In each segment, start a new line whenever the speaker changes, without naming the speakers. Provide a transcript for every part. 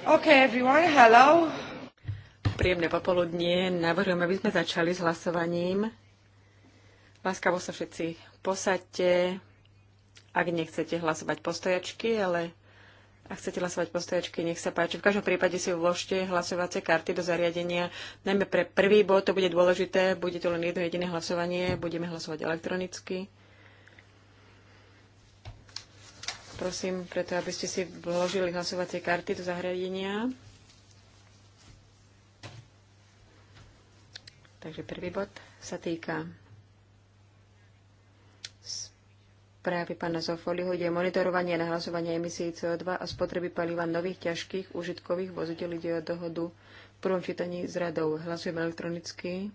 Okay, everyone, hello. Príjemné popoludnie. Navrhujem, aby sme začali s hlasovaním. Láskavo sa všetci posaďte, ak nechcete hlasovať postojačky, ale ak chcete hlasovať postojačky, nech sa páči. V každom prípade si vložte hlasovacie karty do zariadenia. Najmä pre prvý bod to bude dôležité, bude to len jedno jediné hlasovanie, budeme hlasovať elektronicky. prosím preto, aby ste si vložili hlasovacie karty do zahradenia. Takže prvý bod sa týka správy pána Zofoliho, ide monitorovanie na hlasovanie emisí CO2 a spotreby paliva nových ťažkých užitkových vozidel ide o dohodu v prvom čítaní s radou. Hlasujeme elektronicky.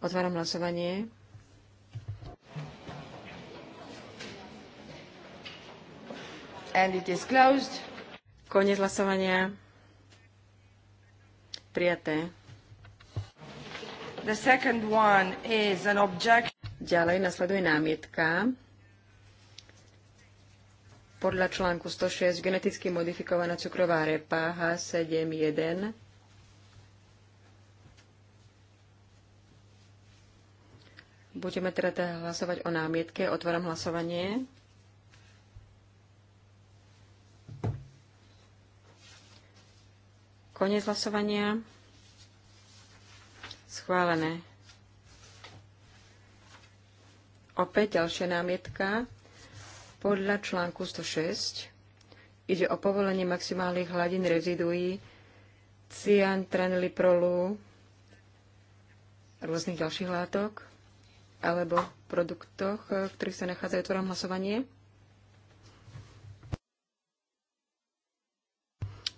Otváram hlasovanie. And it is closed. Konec hlasovania. Prijaté. The second one is an Ďalej nasleduje námietka podľa článku 106 geneticky modifikovaná cukrová repa H71 Budeme teda hlasovať o námietke. Otváram hlasovanie. Konec hlasovania. Schválené. Opäť ďalšia námietka. Podľa článku 106 ide o povolenie maximálnych hladín reziduí cian, traniliprolu, rôznych ďalších látok alebo produktoch, v ktorých sa nachádzajú tvorom hlasovanie.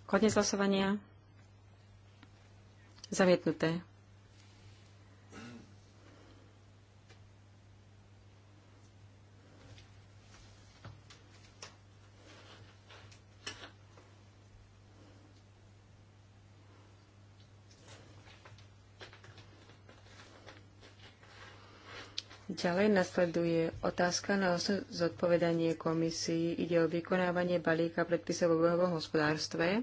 Konec hlasovania. Zamietnuté. Ďalej nasleduje otázka na zodpovedanie komisii. Ide o vykonávanie balíka predpisov o hospodárstve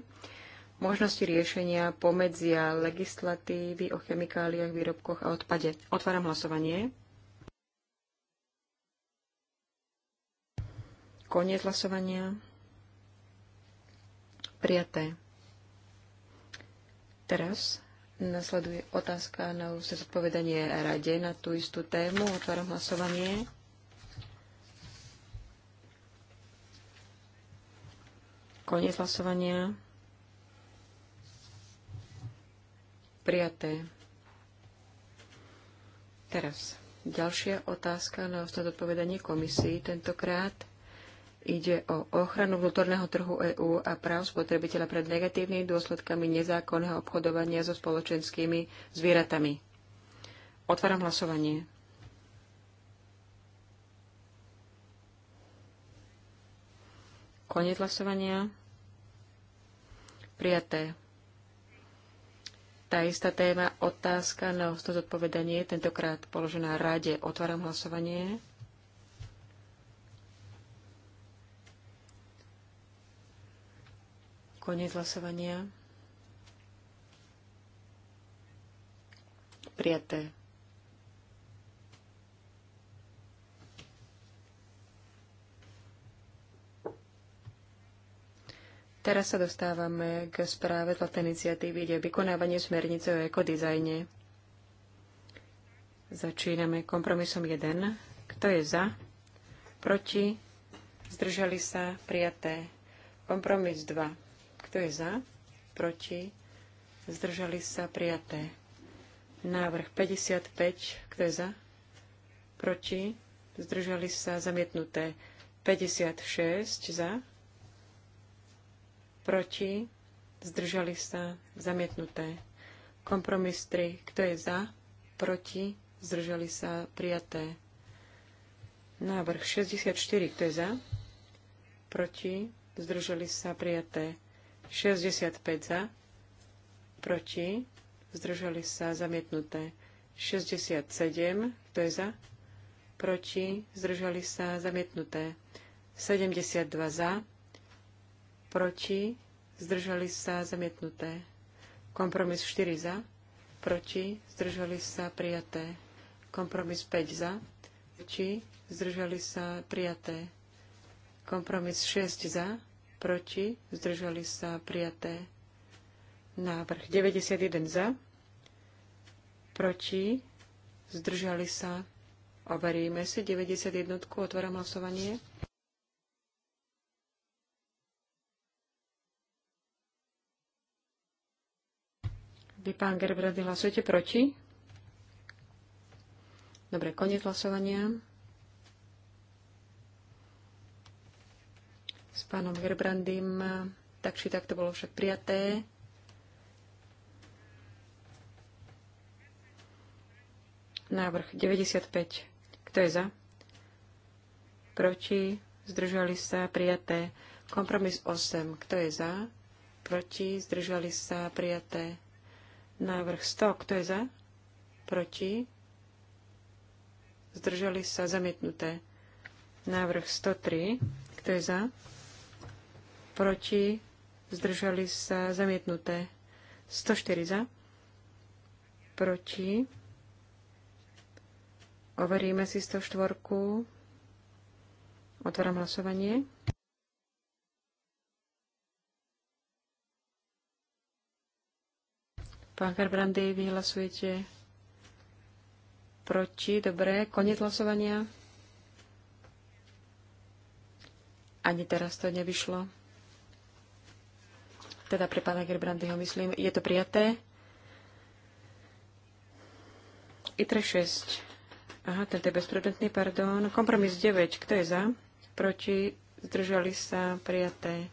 možnosti riešenia pomedzia legislatívy o chemikáliách, výrobkoch a odpade. Otváram hlasovanie. Koniec hlasovania. Prijaté. Teraz nasleduje otázka na ústne zodpovedanie rade na tú istú tému. Otváram hlasovanie. Koniec hlasovania. Prijaté. Teraz ďalšia otázka na ostatné odpovedanie komisii. Tentokrát ide o ochranu vnútorného trhu EÚ a práv spotrebiteľa pred negatívnymi dôsledkami nezákonného obchodovania so spoločenskými zvieratami. Otváram hlasovanie. Koniec hlasovania. Prijaté. Tá istá téma, otázka na no, zodpovedanie, tentokrát položená rade. Otváram hlasovanie. Koniec hlasovania. Prijaté. Teraz sa dostávame k správe zlaté iniciatívy, kde vykonávanie smernice o ekodizajne. Začíname kompromisom 1. Kto je za? Proti? Zdržali sa? Prijaté. Kompromis 2. Kto je za? Proti? Zdržali sa? Prijaté. Návrh 55. Kto je za? Proti? Zdržali sa? Zamietnuté. 56 za proti, zdržali sa, zamietnuté. Kompromis 3, kto je za, proti, zdržali sa, prijaté. Návrh 64, kto je za, proti, zdržali sa, prijaté. 65 za, proti, zdržali sa, zamietnuté. 67, kto je za? Proti, zdržali sa, zamietnuté. 72 za, proti, zdržali sa zamietnuté. Kompromis 4 za, proti, zdržali sa prijaté. Kompromis 5 za, proti, zdržali sa prijaté. Kompromis 6 za, proti, zdržali sa prijaté. Návrh 91 za, proti, zdržali sa. Overíme si 91. Otváram hlasovanie. Vy, pán Gerbrandy, hlasujete proti? Dobre, koniec hlasovania. S pánom Gerbrandym tak či tak to bolo však prijaté. Návrh 95. Kto je za? Proti? Zdržali sa? Prijaté. Kompromis 8. Kto je za? Proti? Zdržali sa? Prijaté. Návrh 100. Kto je za? Proti? Zdržali sa zamietnuté. Návrh 103. Kto je za? Proti? Zdržali sa zamietnuté. 104 za. Proti? Overíme si 104. Otváram hlasovanie. Pán Gerbrandy, vy hlasujete proti. Dobre, koniec hlasovania. Ani teraz to nevyšlo. Teda pre pána Gerbrandyho myslím, je to prijaté. ITRE 6. Aha, tento je bezpredmetný, pardon. Kompromis 9. Kto je za? Proti? Zdržali sa prijaté.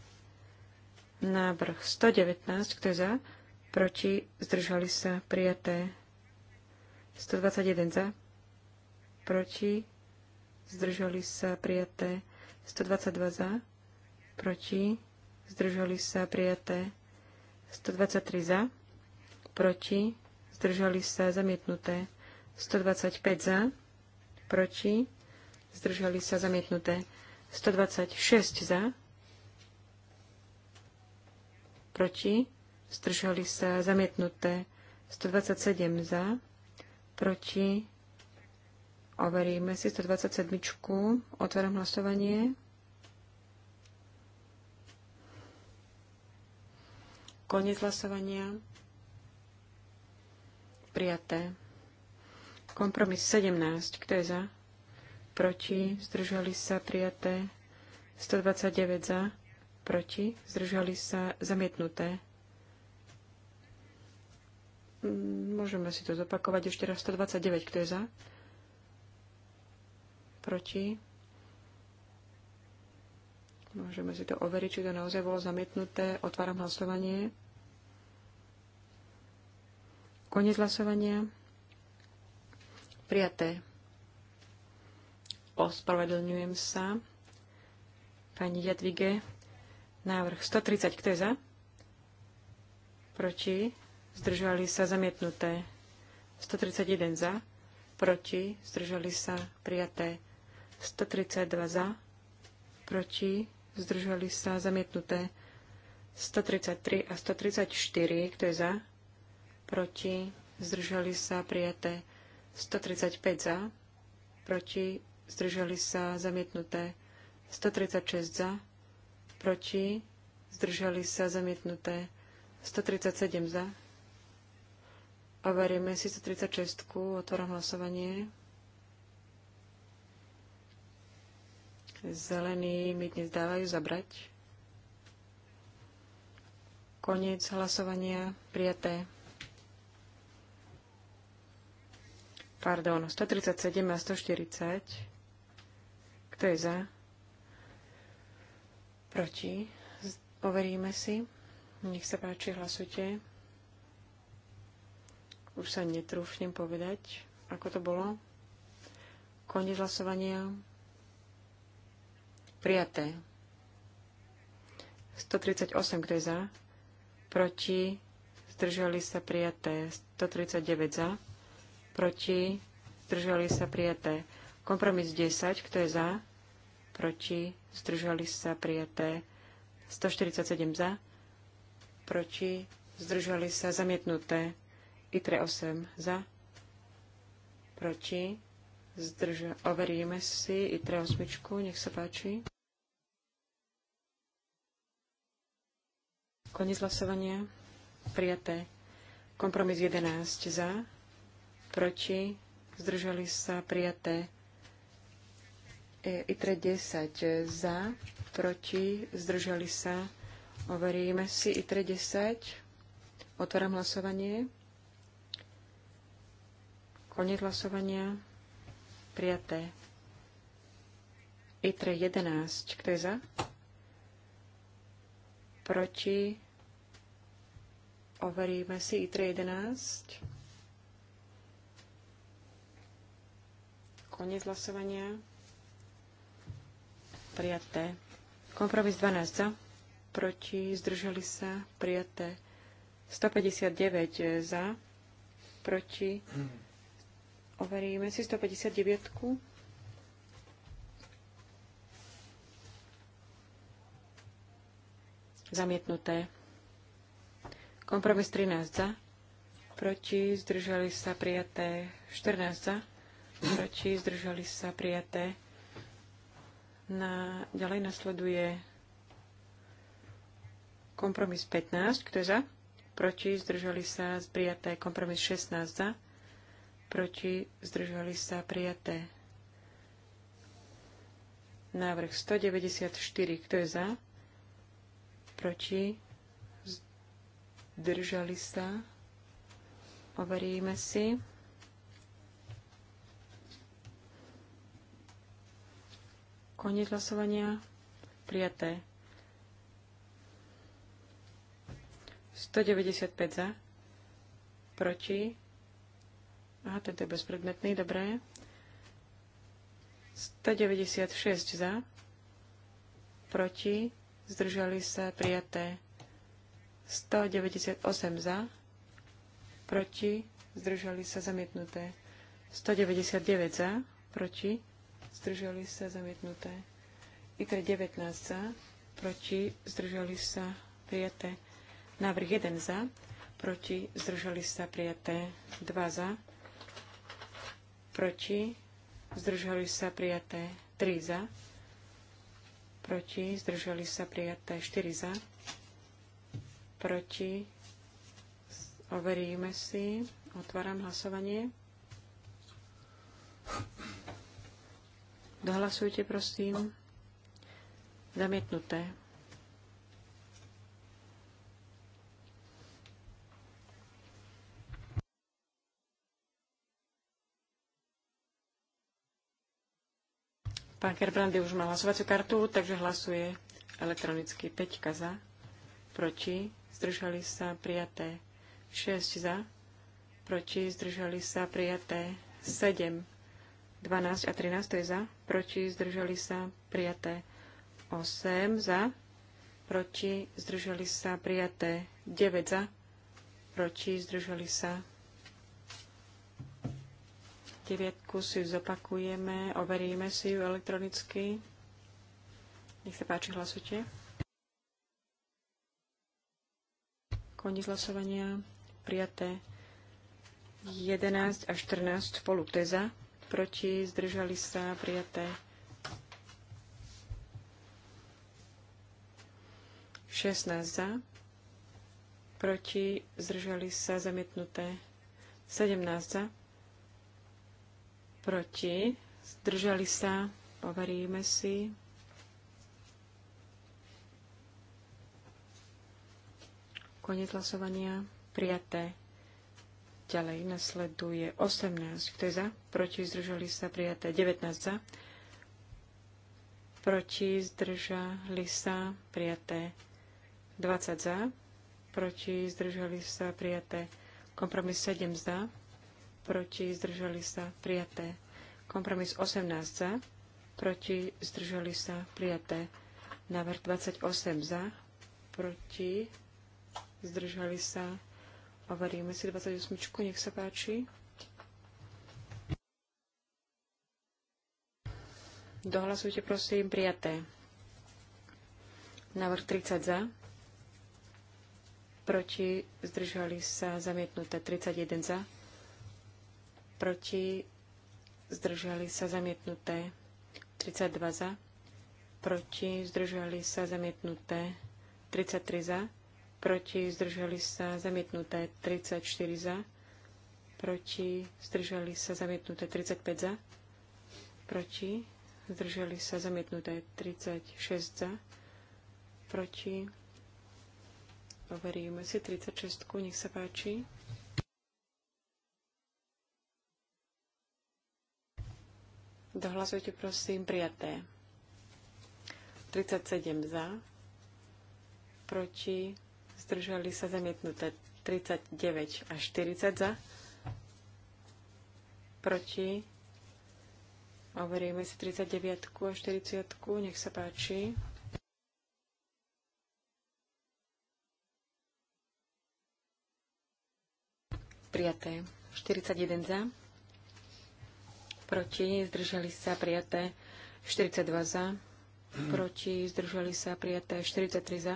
Návrh 119. Kto je za? proti, zdržali sa prijaté 121 za, proti, zdržali sa prijaté 122 za, proti, zdržali sa prijaté 123 za, proti, zdržali sa zamietnuté 125 za, proti, zdržali sa zamietnuté 126 za, proti, zdržali sa zamietnuté 127 za, proti, overíme si 127, otváram hlasovanie. Koniec hlasovania. Prijaté. Kompromis 17. Kto je za? Proti. Zdržali sa. Prijaté. 129 za. Proti. Zdržali sa. Zamietnuté. Mm, môžeme si to zopakovať ešte raz. 129, kto je za? Proti? Môžeme si to overiť, či to naozaj bolo zamietnuté. Otváram hlasovanie. Konec hlasovania. Prijaté. Ospravedlňujem sa. Pani Jadvige, návrh 130, kto je za? Proti? zdržali sa zamietnuté. 131 za, proti, zdržali sa prijaté. 132 za, proti, zdržali sa zamietnuté. 133 a 134, kto je za, proti, zdržali sa prijaté. 135 za, proti, zdržali sa zamietnuté. 136 za, proti, zdržali sa zamietnuté. 137 za, Overíme si 136. Otváram hlasovanie. Zelení mi dnes dávajú zabrať. Koniec hlasovania. Prijaté. Pardon, 137 a 140. Kto je za? Proti. Overíme si. Nech sa páči, hlasujte. Už sa netrúfnem povedať, ako to bolo. Koniec hlasovania. Prijaté. 138, kto je za? Proti? Zdržali sa prijaté. 139 za. Proti? Zdržali sa prijaté. Kompromis 10, kto je za? Proti? Zdržali sa prijaté. 147 za. Proti? Zdržali sa zamietnuté. ITRE 8 za, proti, zdrža, overíme si tre 8, nech sa páči. Koniec hlasovania, prijaté. Kompromis 11 za, proti, zdržali sa, prijaté. E, ITRE 10 za, proti, zdržali sa. Overíme si ITRE 10. Otváram hlasovanie. Koniec hlasovania. Prijaté. ITRE 11. Kto je za? Proti. Overíme si ITRE 11. Koniec hlasovania. Prijaté. Kompromis 12 za. Proti. Zdržali sa. Prijaté. 159 za. Proti Overíme si 159. Zamietnuté. Kompromis 13 za. Proti zdržali sa prijaté 14 za. Proti zdržali sa prijaté. Na, ďalej nasleduje kompromis 15, kto je za? Proti zdržali sa prijaté kompromis 16 za proti, zdržali sa prijaté. Návrh 194, kto je za, proti, zdržali sa, overíme si. Koniec hlasovania. Prijaté. 195 za. Proti tento je bezpredmetný, dobré. 196 za, proti, zdržali sa prijaté. 198 za, proti, zdržali sa zamietnuté. 199 za, proti, zdržali sa zamietnuté. ITR 19 za, proti, zdržali sa prijaté. Návrh 1 za, proti, zdržali sa prijaté. 2 za, proti, zdržali sa prijaté 3 za, proti, zdržali sa prijaté 4 za, proti, overíme si, otváram hlasovanie. Dohlasujte, prosím. Zamietnuté. Pán Kerbrandy už má hlasovaciu kartu, takže hlasuje elektronicky 5 za, proti, zdržali sa prijaté 6 za, proti, zdržali sa prijaté 7, 12 a 13 to je za, proti, zdržali sa prijaté 8 za, proti, zdržali sa prijaté 9 za, proti, zdržali sa Deviatku si zopakujeme, overíme si ju elektronicky. Nech sa páči, hlasujte. Koniec hlasovania. Prijaté 11 a 14 spolu. Kto je za? Proti? Zdržali sa? Prijaté 16 za. Proti? Zdržali sa? Zamietnuté 17 za proti, zdržali sa, overíme si. Konec hlasovania prijaté. Ďalej nasleduje 18. Kto je za? Proti zdržali sa prijaté. 19 za. Proti zdržali sa prijaté. 20 za. Proti zdržali sa prijaté. Kompromis 7 za proti zdržali sa prijaté. Kompromis 18 za, proti zdržali sa prijaté. Návrh 28 za, proti zdržali sa. Overíme si 28, nech sa páči. Dohlasujte prosím, prijaté. Návrh 30 za. Proti zdržali sa zamietnuté 31 za proti, zdržali sa zamietnuté. 32 za, proti, zdržali sa zamietnuté. 33 za, proti, zdržali sa zamietnuté. 34 za, proti, zdržali sa zamietnuté. 35 za, proti, zdržali sa zamietnuté. 36 za, proti, overíme si 36, nech sa páči. Dohlasujte prosím prijaté. 37 za, proti, zdržali sa zamietnuté 39 až 40 za, proti, overíme si 39 a 40, nech sa páči. Prijaté 41 za proti, zdržali sa prijaté 42 za, proti, zdržali sa prijaté 43 za,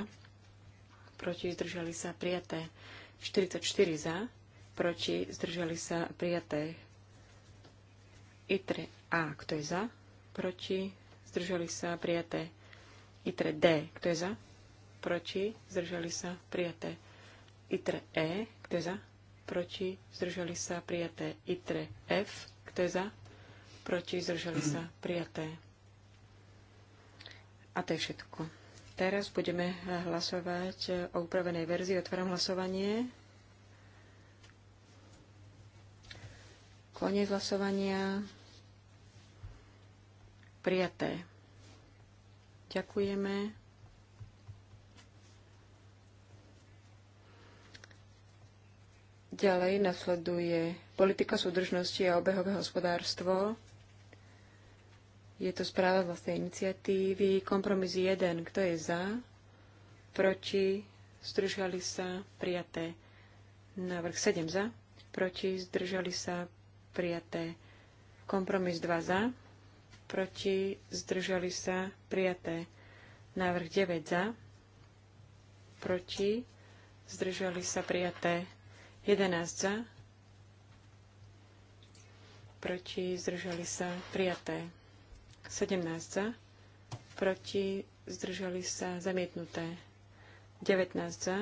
proti, zdržali sa prijaté 44 za, proti, zdržali sa prijaté i 3 A, kto je za, proti, zdržali sa prijaté i 3 D, kto je za, proti, zdržali sa prijaté i 3 E, kto je za, proti, zdržali sa prijaté i 3 F, kto je za, proti, zdržali sa, prijaté. A to je všetko. Teraz budeme hlasovať o upravenej verzii. Otváram hlasovanie. Koniec hlasovania. Prijaté. Ďakujeme. Ďalej nasleduje politika súdržnosti a obehové hospodárstvo. Je to správa vlastnej iniciatívy. Kompromis 1. Kto je za? Proti? Zdržali sa? Prijaté. Návrh 7 za. Proti? Zdržali sa? Prijaté. Kompromis 2 za. Proti? Zdržali sa? Prijaté. Návrh 9 za. Proti? Zdržali sa? Prijaté. 11 za proti, zdržali sa, prijaté. 17 za, proti, zdržali sa zamietnuté. 19 za,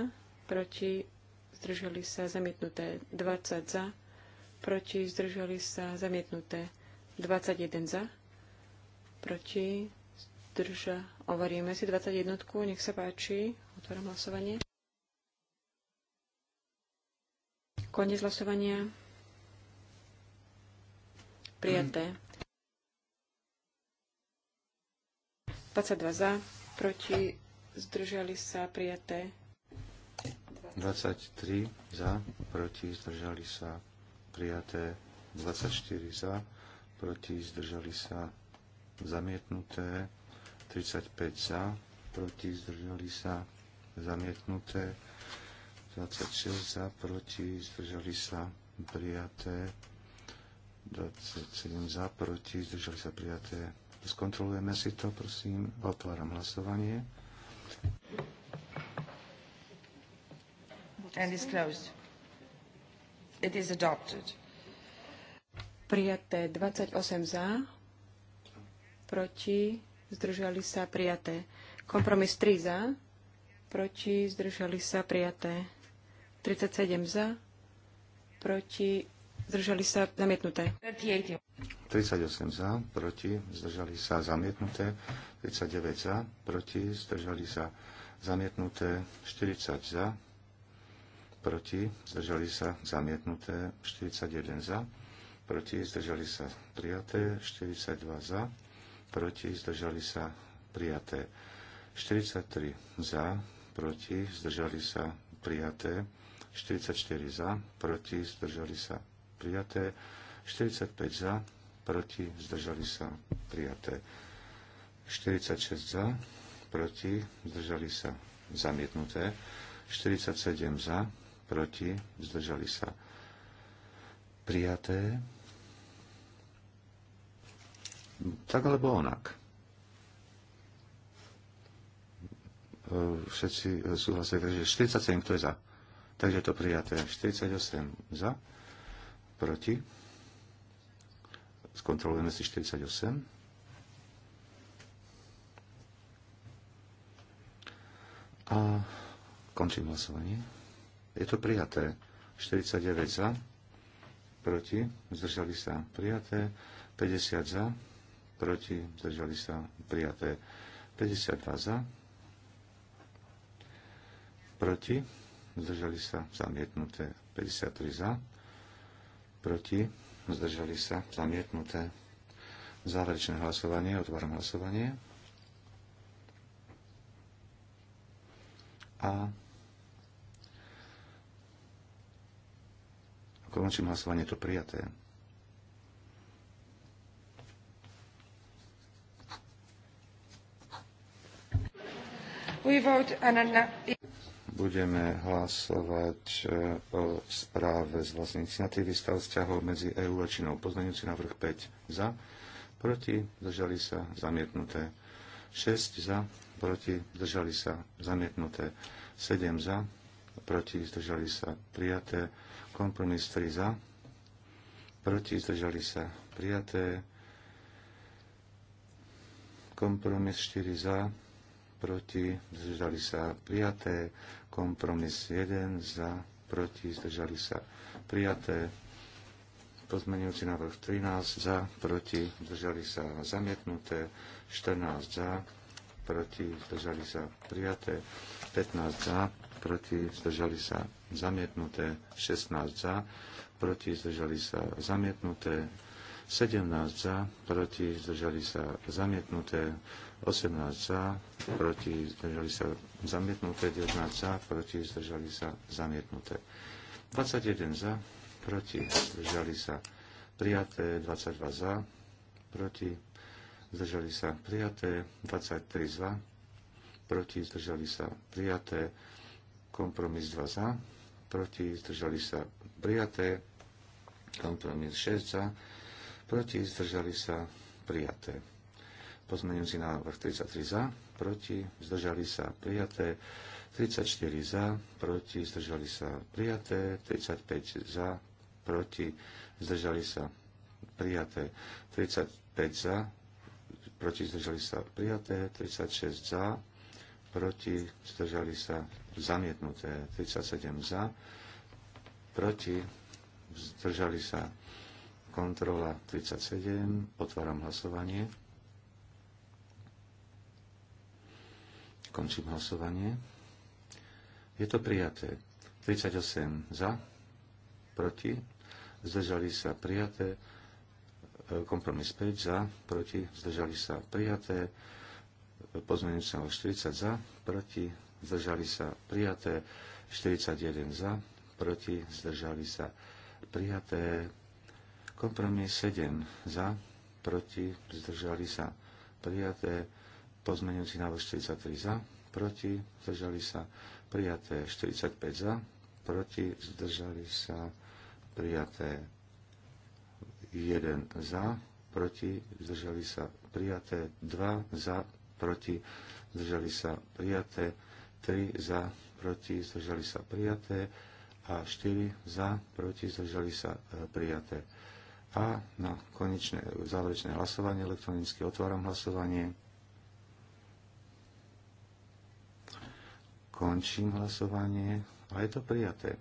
proti, zdržali sa zamietnuté. 20 za, proti, zdržali sa zamietnuté. 21 za, proti, zdrža. Overíme si 21, nech sa páči. Otváram hlasovanie. Koniec hlasovania. Prijaté. Mm. 22 za, proti, zdržali sa, prijaté.
23 za, proti, zdržali sa, prijaté. 24 za, proti, zdržali sa, zamietnuté. 35 za, proti, zdržali sa, zamietnuté. 26 za, proti, zdržali sa, prijaté. 27 za, proti, zdržali sa, prijaté. Skontrolujeme si to, prosím. Otváram hlasovanie.
And is closed. It is adopted. Prijaté 28 za, proti, zdržali sa prijaté. Kompromis 3 za, proti, zdržali sa prijaté. 37 za, proti, zdržali sa zamietnuté.
38 za, proti, zdržali sa zamietnuté. 39 za, proti, zdržali sa zamietnuté. 40 za, proti, zdržali sa zamietnuté. 41 za, proti, zdržali sa prijaté. 42 za, proti, zdržali sa prijaté. 43 za, proti, zdržali sa prijaté. 44 za, proti, zdržali sa prijaté. 45 za, proti, zdržali sa, prijaté. 46 za, proti, zdržali sa, zamietnuté. 47 za, proti, zdržali sa, prijaté. Tak alebo onak. E, všetci e, súhlasia, že 47 to je za. Takže to prijaté. 48 za proti. Skontrolujeme si 48. A končím hlasovanie. Je to prijaté. 49 za, proti, zdržali sa prijaté. 50 za, proti, zdržali sa prijaté. 52 za, proti, zdržali sa zamietnuté. 53 za, proti, zdržali sa, zamietnuté. Záverečné hlasovanie, otváram hlasovanie. A končím hlasovanie, to prijaté.
We vote on
budeme hlasovať e, o správe z vlastnej iniciatívy stav vzťahov medzi EÚ a Čínou. Poznaniúci návrh 5 za, proti, držali sa, zamietnuté. 6 za, proti, držali sa, zamietnuté. 7 za, proti, zdržali sa, prijaté. Kompromis 3 za, proti, zdržali sa, prijaté. Kompromis 4 za, proti, zdržali sa prijaté, kompromis 1 za, proti, zdržali sa prijaté, pozmenujúci návrh 13 za, proti, zdržali sa zamietnuté, 14 za, proti, zdržali sa prijaté, 15 za, proti, zdržali sa zamietnuté, 16 za, proti, zdržali sa zamietnuté, 17 za, proti, zdržali sa zamietnuté, 18 za, proti zdržali sa zamietnuté, 19 za, proti zdržali sa zamietnuté. 21 za, proti zdržali sa prijaté, 22 za, proti zdržali sa prijaté, 23 za, proti zdržali sa prijaté, kompromis 2 za, proti zdržali sa prijaté, kompromis 6 za, proti zdržali sa prijaté pozmeňujúci návrh 33 za, proti, zdržali sa prijaté. 34 za, proti, zdržali sa prijaté. 35 za, proti, zdržali sa prijaté. 35 za, proti, zdržali sa prijaté. 36 za, proti, zdržali sa zamietnuté. 37 za, proti, zdržali sa kontrola 37. Otváram hlasovanie. Končím hlasovanie. Je to prijaté. 38 e, e, za, proti, zdržali sa prijaté. Kompromis 5 za, proti, zdržali sa prijaté. Pozmenujúca 40 za, proti, zdržali sa prijaté. 41 za, proti, zdržali sa prijaté. Kompromis 7 za, proti, zdržali sa prijaté. Pozmenujúci návrh 43 za, proti, zdržali sa prijaté 45 za, proti, zdržali sa prijaté 1 za, proti, zdržali sa prijaté 2 za, proti, zdržali sa prijaté 3 za, proti, zdržali sa prijaté a 4 za, proti, zdržali sa e, prijaté. A na konečné záverečné hlasovanie elektronicky otváram hlasovanie. Končím hlasovanie a je to prijaté.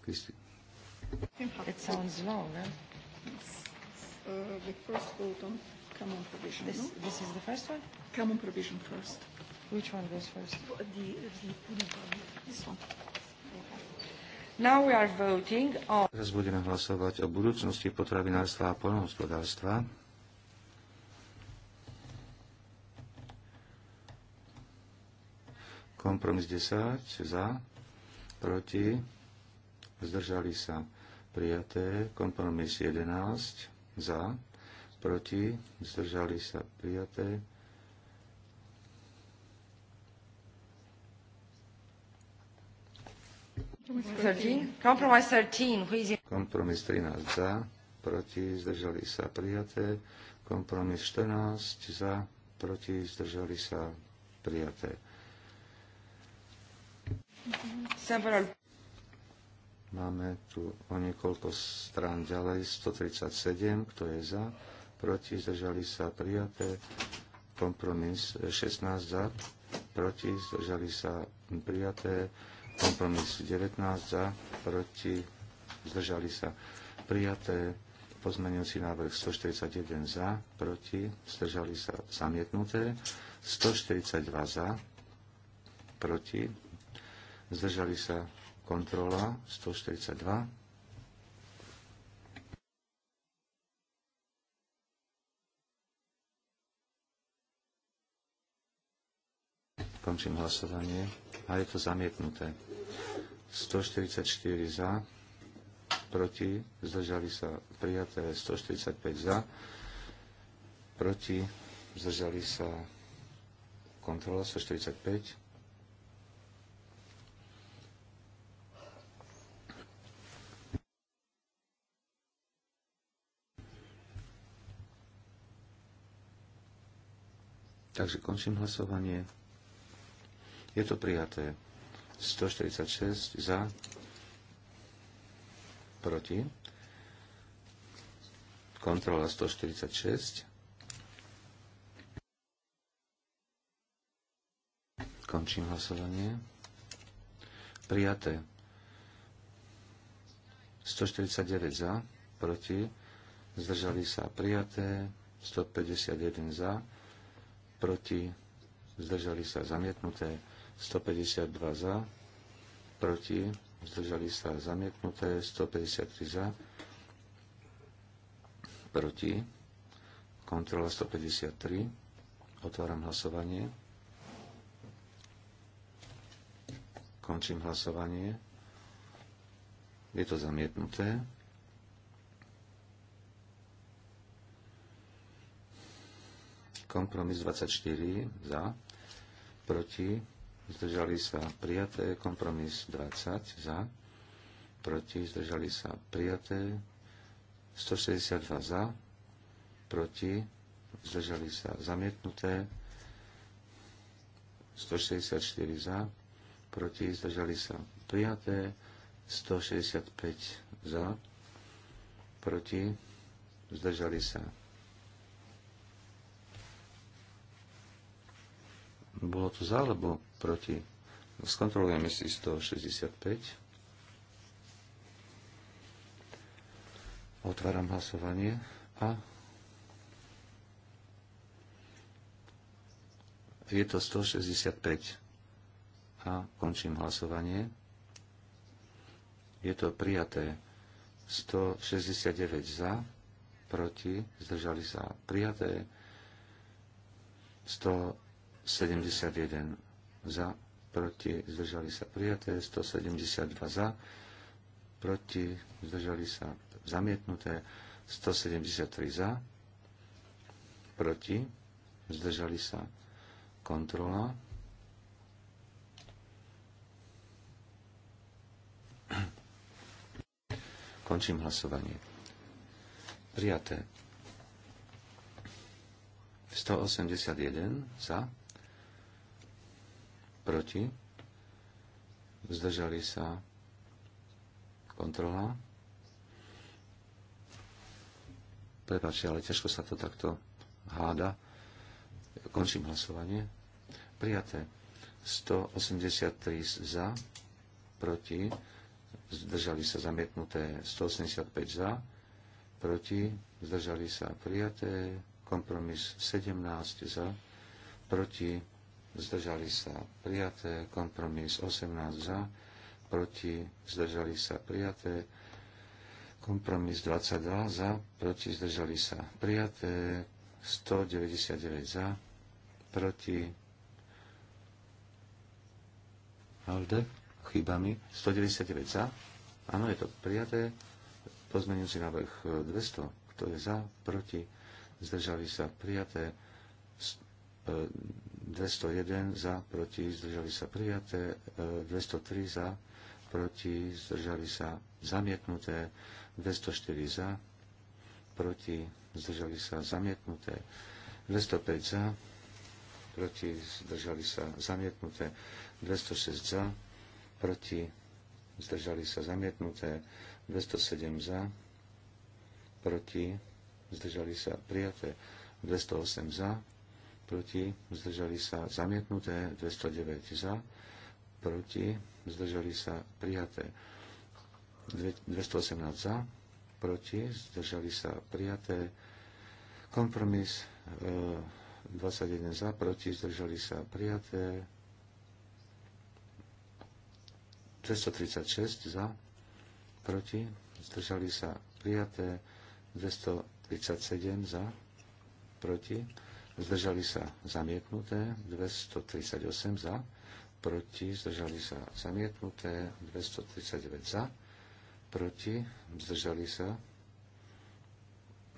Kristi.
It sounds long, Uh, the first vote on common provision. This, no? this is the first one? Common provision first. Which one goes first? The, the, this one. Now we are voting on...
Teraz budeme hlasovať o budúcnosti potravinárstva a poľnohospodárstva. Kompromis 10 za, proti, zdržali sa prijaté. Kompromis 11 za, proti, zdržali sa prijaté. Kompromis 13 za, proti, zdržali sa prijaté. Kompromis 14 za, proti, zdržali sa prijaté. Máme tu o niekoľko strán ďalej 137, kto je za, proti, zdržali sa prijaté, kompromis 16 za, proti, zdržali sa prijaté, kompromis 19 za, proti, zdržali sa prijaté, pozmenujúci návrh 141 za, proti, zdržali sa zamietnuté, 142 za, proti, zdržali sa kontrola 142. Končím hlasovanie a je to zamietnuté. 144 za, proti, zdržali sa prijaté 145 za, proti, zdržali sa kontrola 145. Takže končím hlasovanie. Je to prijaté. 146 za, proti. Kontrola 146. Končím hlasovanie. Prijaté. 149 za, proti. Zdržali sa prijaté. 151 za proti, zdržali sa zamietnuté, 152 za, proti, zdržali sa zamietnuté, 153 za, proti, kontrola 153, otváram hlasovanie, končím hlasovanie, je to zamietnuté, Kompromis 24 za, proti, zdržali sa prijaté. Kompromis 20 za, proti, zdržali sa prijaté. 162 za, proti, zdržali sa zamietnuté. 164 za, proti, zdržali sa prijaté. 165 za, proti, zdržali sa Bolo to za alebo proti? Skontrolujeme si 165. Otváram hlasovanie a je to 165. A končím hlasovanie. Je to prijaté 169 za, proti, zdržali sa prijaté 100 171 za, proti, zdržali sa prijaté, 172 za, proti, zdržali sa zamietnuté, 173 za, proti, zdržali sa kontrola. Končím hlasovanie. Prijaté. 181 za, proti, zdržali sa, kontrola. Prepačte, ale ťažko sa to takto háda. Končím hlasovanie. Prijaté. 183 za, proti, zdržali sa zamietnuté 185 za, proti, zdržali sa prijaté, kompromis 17 za, proti, zdržali sa prijaté, kompromis 18 za, proti, zdržali sa prijaté, kompromis 22 za, proti, zdržali sa prijaté, 199 za, proti, Alde, chybami, 199 za, áno, je to prijaté, pozmenujúci návrh 200, kto je za, proti, zdržali sa prijaté, e, 201 za, proti, zdržali sa prijaté, 203 e, za, proti, zdržali sa zamietnuté, 204 za, proti, zdržali sa zamietnuté, 205 za, proti, zdržali sa zamietnuté, 206 za, proti, zdržali sa zamietnuté, 207 za, proti, zdržali sa prijaté, 208 za, proti, zdržali sa zamietnuté, 209 za, proti, zdržali sa prijaté, 218 za, proti, zdržali sa prijaté, kompromis 21 e, za, proti, zdržali sa prijaté, 236 za, proti, zdržali sa prijaté, 237 za, proti, zdržali sa zamietnuté, 238 za, proti, zdržali sa zamietnuté, 239 za, proti, zdržali sa,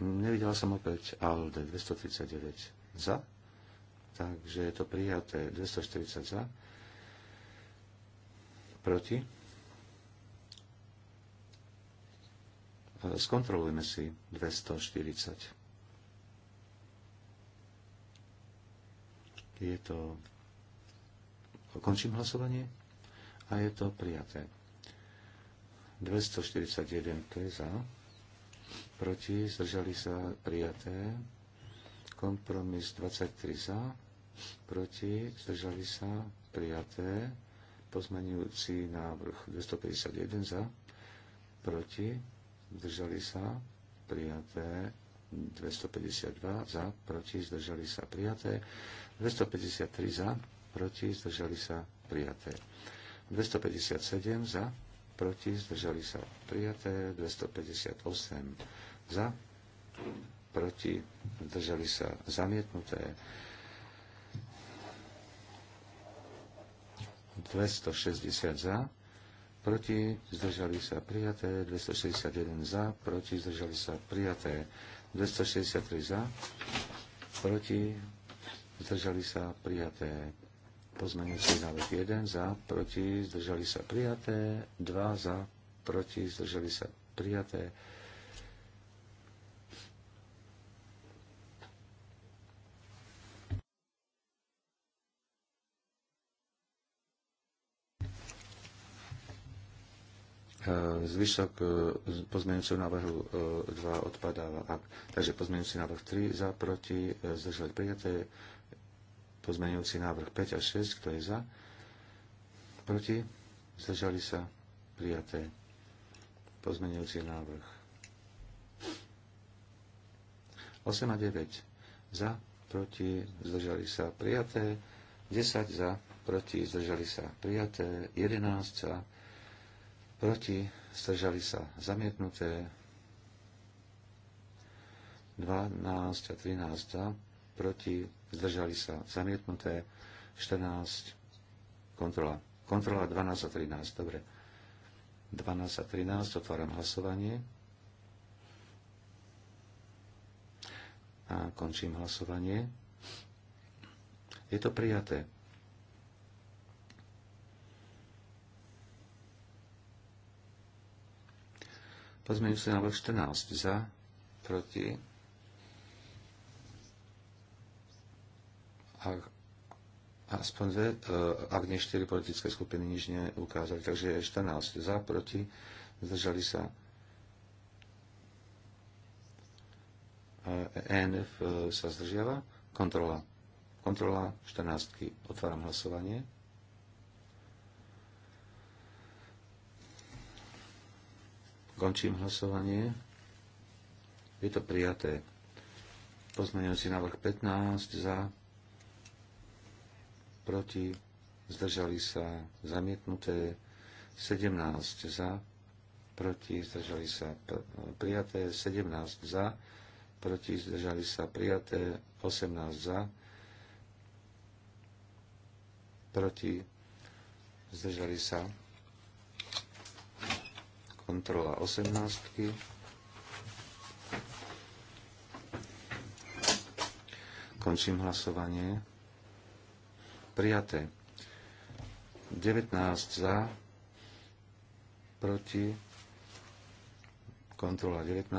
nevidela som opäť ALDE 239 za, takže je to prijaté 240 za, proti. E, Skontrolujme si 240. Je to... Končím hlasovanie a je to prijaté. 241, to je za. Proti, zdržali sa prijaté. Kompromis 23 za. Proti, zdržali sa prijaté. Pozmenujúci návrh 251 za. Proti, zdržali sa prijaté. 252 za, proti, zdržali sa prijaté. 253 za, proti, zdržali sa prijaté. 257 za, proti, zdržali sa prijaté. 258 za, proti, zdržali sa zamietnuté. 260 za, proti, zdržali sa prijaté, 261 za, proti, zdržali sa prijaté, 263 za, proti, zdržali sa prijaté pozmenujúci návrh 1 za, proti, zdržali sa prijaté, 2 za, proti, zdržali sa prijaté, Zvyšok e, pozmeňujúceho návrhu 2 e, odpadáva. Takže pozmeňujúci návrh 3 za, proti, e, zdržali prijaté. Pozmeňujúci návrh 5 a 6, kto je za, proti, zdržali sa prijaté. Pozmeňujúci návrh 8 a 9 za, proti, zdržali sa prijaté. 10 za, proti, zdržali sa prijaté. 11 za, proti, zdržali sa zamietnuté, 12 a 13 proti, zdržali sa zamietnuté, 14, kontrola. Kontrola 12 a 13, dobre. 12 a 13, otváram hlasovanie. A končím hlasovanie. Je to prijaté. Pozmeňujúci návrh 14 za, proti. Ak, aspoň dve, e, ak nie 4 politické skupiny nič neukázali, takže 14 za, proti, zdržali sa. ENF e e, sa zdržiava. Kontrola. Kontrola 14. Otváram hlasovanie. Končím hlasovanie. Je to prijaté. Pozmeňujúci návrh 15 za, proti, zdržali sa, zamietnuté 17 za, proti, zdržali sa, prijaté 17 za, proti, zdržali sa, prijaté 18 za, proti, zdržali sa, kontrola 18. Končím hlasovanie. Prijaté. 19 za, proti, kontrola 19.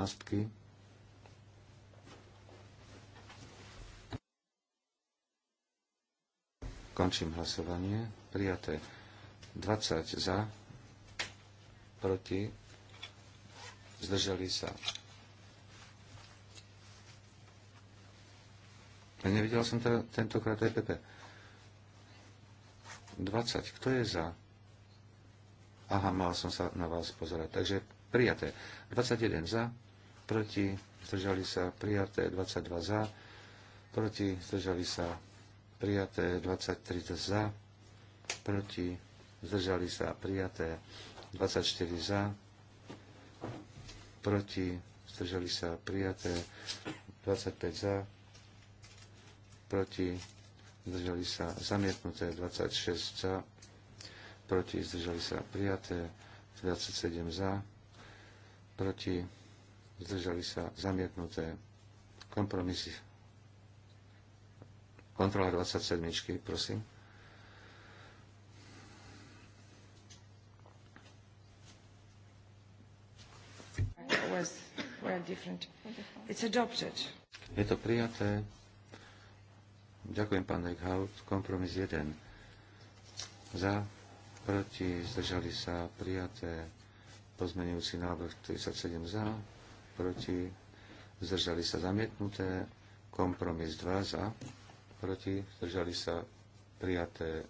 Končím hlasovanie. Prijaté. 20 za, proti, zdržali sa. A nevidel som teda tentokrát EPP. 20. Kto je za? Aha, mal som sa na vás pozerať. Takže prijaté. 21 za, proti, zdržali sa, prijaté. 22 za, proti, zdržali sa, prijaté. 23 za, proti, zdržali sa, prijaté. 24 za, proti, zdržali sa prijaté, 25 za, proti, zdržali sa zamietnuté, 26 za, proti, zdržali sa prijaté, 27 za, proti, zdržali sa zamietnuté, kompromisy. Kontrola 27, prosím.
different. It's adopted.
Je to prijaté. Ďakujem, pán Eichhout. Kompromis 1. Za, proti, zdržali sa, prijaté. Pozmenujúci návrh 37 za, proti, zdržali sa, zamietnuté. Kompromis 2 za, proti, zdržali sa, prijaté.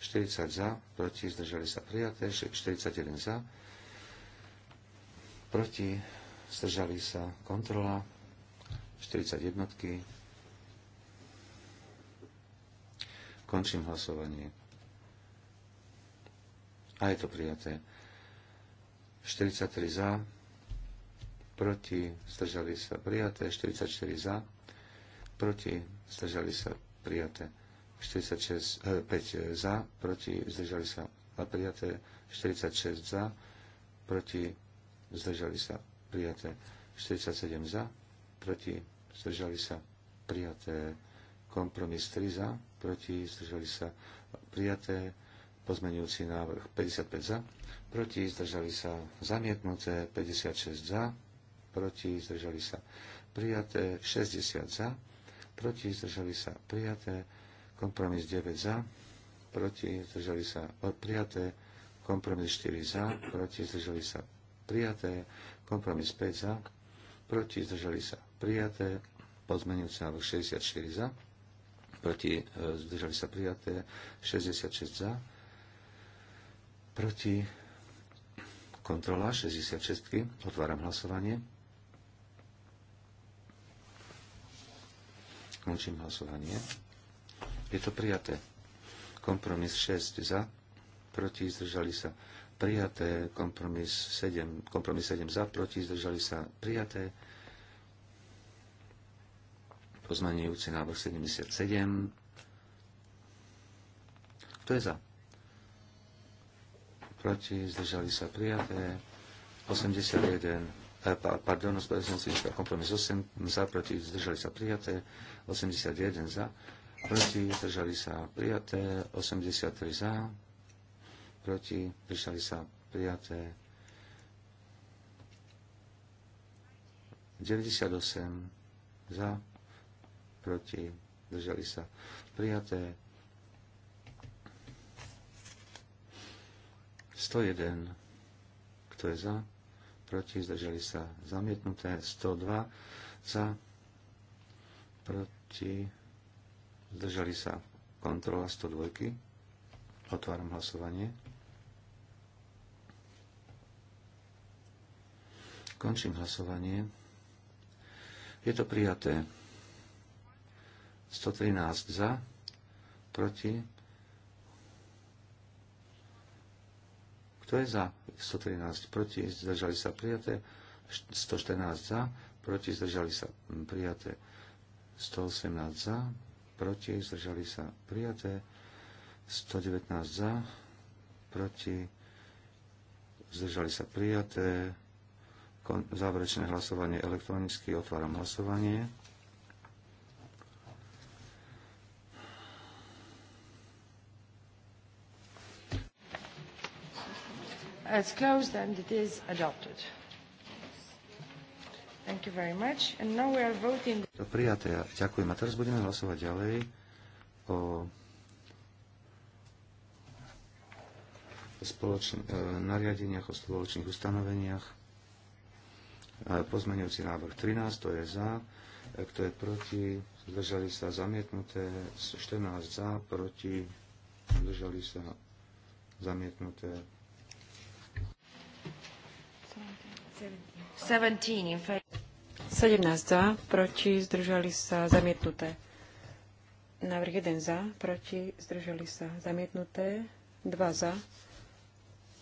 40 za, proti, zdržali sa, prijaté. 41 za, proti, zdržali sa, kontrola, jednotky. Končím hlasovanie. A je to prijaté. 43 za, proti, zdržali sa, prijaté, 44 za, proti, zdržali sa, prijaté, 46, eh, 5 za, proti, zdržali sa, prijaté, 46 za, proti, zdržali sa, prijaté 47 za, proti zdržali sa prijaté kompromis 3 za, proti zdržali sa prijaté pozmenujúci návrh 55 za, proti zdržali sa zamietnuté 56 za, proti zdržali sa prijaté 60 za, proti zdržali sa prijaté kompromis 9 za, proti zdržali sa prijaté kompromis 4 za, proti zdržali sa prijaté Kompromis 5 za, proti zdržali sa prijaté, pozmenujúci návrh 64 za, proti e, zdržali sa prijaté, 66 za, proti kontrola 66, otváram hlasovanie. Končím hlasovanie. Je to prijaté. Kompromis 6 za, proti zdržali sa prijaté, kompromis 7, kompromis 7 za, proti, zdržali sa prijaté, pozmanejúci návrh 77. Kto je za? Proti, zdržali sa prijaté, 81, eh, pardon, kompromis 8 za, proti, zdržali sa prijaté, 81 za, proti, zdržali sa prijaté, 83 za, proti, držali sa prijaté. 98 za, proti, držali sa prijaté. 101, kto je za, proti, zdržali sa zamietnuté. 102 za, proti, zdržali sa kontrola 102. Otváram hlasovanie. Končím hlasovanie. Je to prijaté. 113 za, proti. Kto je za? 113 proti, zdržali sa prijaté. 114 mm, za, proti, zdržali sa prijaté. 118 za, proti, zdržali sa prijaté. 119 za, proti, zdržali sa prijaté záverečné hlasovanie elektronicky. Otváram hlasovanie.
It's closed and it is adopted. Thank you very much. And now we are voting.
To prijaté. Ďakujem. A teraz budeme hlasovať ďalej o spoločn- e, nariadeniach, o spoločných ustanoveniach. Pozmeňujúci návrh 13, to je za, e, kto je proti, zdržali sa zamietnuté, 14 za, proti, zdržali sa zamietnuté.
17 za, proti, zdržali sa zamietnuté. Návrh 1 za, proti, zdržali sa zamietnuté. 2 za,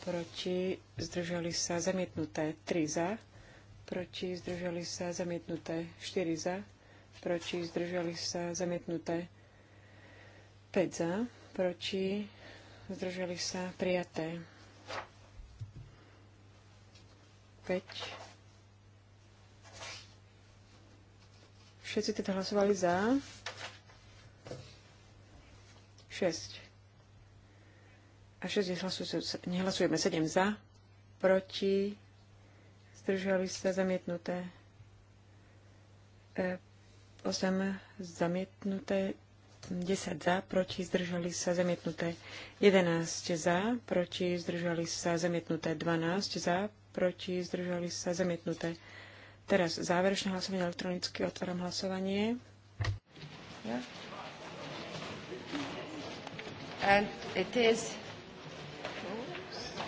proti, zdržali sa zamietnuté. 3 za, proti zdržali sa zamietnuté 4 za, proti zdržali sa zamietnuté 5 za, proti zdržali sa prijaté 5. Všetci teda hlasovali za 6. A 6 nehlasujeme 7 za, proti zdržali sa zamietnuté. 8 e, zamietnuté, 10 za, proti zdržali sa zamietnuté. 11 za, proti zdržali sa zamietnuté. 12 za, proti zdržali sa zamietnuté. Teraz záverečné hlasovanie elektronicky. Otváram hlasovanie. Yeah. And it is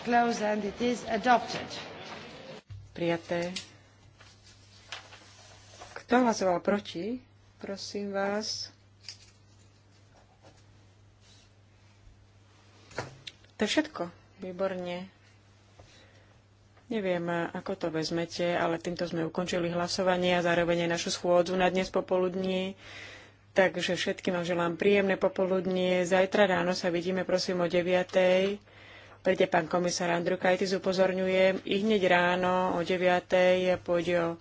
close and it is adopted. Prijaté. Kto hlasoval proti? Prosím vás. To je všetko. Výborne. Neviem, ako to vezmete, ale týmto sme ukončili hlasovanie a zároveň aj našu schôdzu na dnes popoludní. Takže všetkým vám želám príjemné popoludnie. Zajtra ráno sa vidíme, prosím, o 9. Viete, pán komisár Andrukaitis upozorňuje, i hneď ráno o 9.00 pôjde o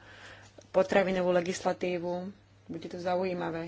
potravinovú legislatívu. Bude to zaujímavé.